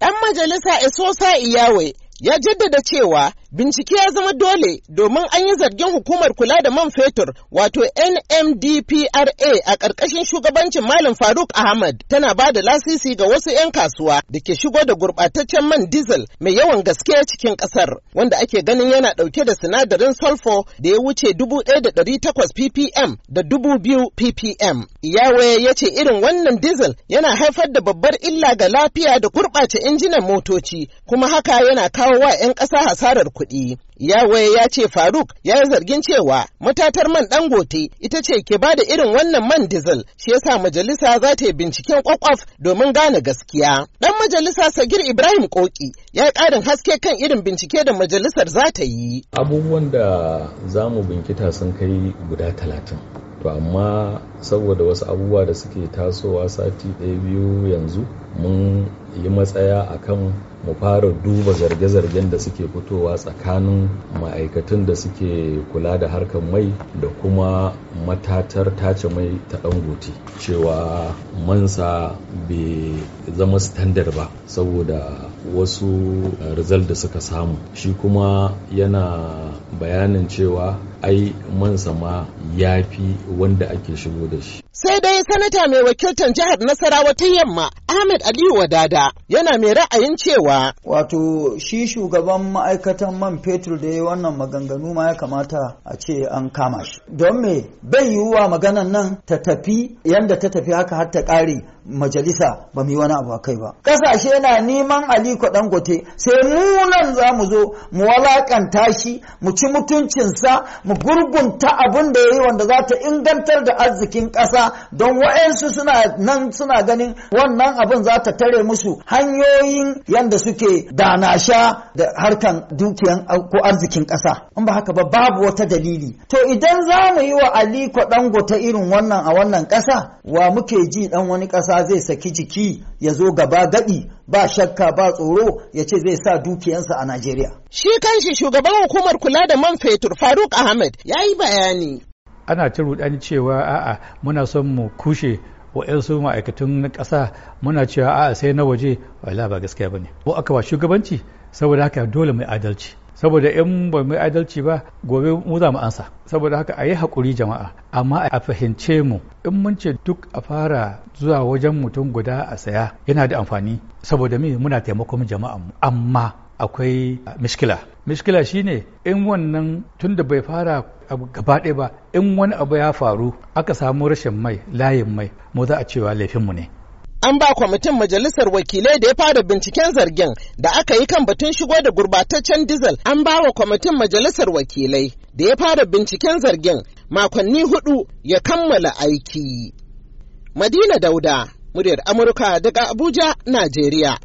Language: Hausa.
Ɗan majalisa sosa Iyawe ya jaddada cewa Bincike ya zama dole domin an yi zargin hukumar kula da man fetur wato NMDPRA a ƙarƙashin shugabancin Malam Faruk Ahmad tana ba da lasisi ga wasu 'yan kasuwa da ke shigo da gurɓataccen man diesel mai yawan gaske cikin ƙasar wanda ake ganin yana ɗauke da sinadarin sulfur da ya wuce dubu 1,800 ppm da 2,000 ppm. Iyawe ya ce irin wannan diesel yana haifar da babbar illa ga lafiya da gurɓace injinan motoci kuma haka yana kawo wa 'yan ƙasa hasarar kuɗi. Yawaye ya ce Faruk ya yi zargin cewa matatar man Dangote ita ce ke ba da irin wannan man diesel shi yasa majalisa za ta yi binciken kwakwaf domin gane gaskiya. Dan majalisa Sagir Ibrahim Koki ya yi ƙarin haske kan irin bincike da majalisar za ta yi. Abubuwan da za mu binkita sun kai guda talatin. to amma saboda wasu abubuwa da suke tasowa sati ɗaya biyu yanzu mun yi matsaya akan mu fara duba zarge-zargen da suke fitowa tsakanin ma'aikatan da suke kula da harkar mai da kuma matatar tace mai ta ɗan dangote cewa mansa bai zama standard ba saboda wasu eh, result da suka samu shi kuma yana bayanin cewa ai man sama ya fi wanda ake shigo da shi. Sai dai sanata mai wakiltar jihar Nasarawa ta yamma Ahmed Aliyu Wadada yana mai ra'ayin cewa. Wato shi shugaban ma'aikatan man fetur da ya wannan maganganu ma ya kamata a ce an kama shi. Don me bai yiwuwa maganan nan ta tafi yanda ta tafi haka har ta ƙare majalisa ba mu yi wani abu a kai ba. Ƙasashe na neman Aliko Dangote sai mu nan za mu zo mu walaƙanta shi mu ci mutuncinsa mu gurgunta abin da ya yi wanda za ta ingantar da arzikin ƙasa don wa'yansu suna nan suna ganin wannan abin za ta tare musu hanyoyin yanda suke danasha da harkan dukiyan ko arzikin ƙasa in ba haka ba babu wata dalili to idan za mu yi wa aliko ta irin wannan a wannan ƙasa wa muke ji dan wani ƙasa zai saki jiki ya zo gaba gaɗi ba shakka ba tsoro ya ce zai sa dukiyansa a Najeriya. Shi kanshi shugaban hukumar kula da man fetur Faruk Ahmed ya yi bayani. Ana ta rudani cewa a'a muna son mu kushe wa'yansu ma'aikatan na ƙasa muna cewa a'a sai na waje wala ba gaskiya ba ne. Ko aka ba shugabanci saboda haka dole mai adalci. saboda in ba mu adalci ba gobe mu za mu ansa saboda haka a yi haƙuri jama'a amma a fahimce mu in mun ce duk a fara zuwa wajen mutum guda a saya yana da amfani saboda min muna taimakon jama'a mu amma akwai mishkila mishkila shine in wannan tun da bai fara gaba ɗaya ba in wani abu ya faru aka samu rashin mai layin mai mu za a cewa laifinmu ne an ba kwamitin majalisar wakilai da ya fara binciken zargin da aka yi kan batun shigo da gurbataccen dizal an ba wa kwamitin majalisar wakilai da ya fara binciken zargin makonni hudu ya kammala aiki madina dauda muryar amurka daga abuja najeriya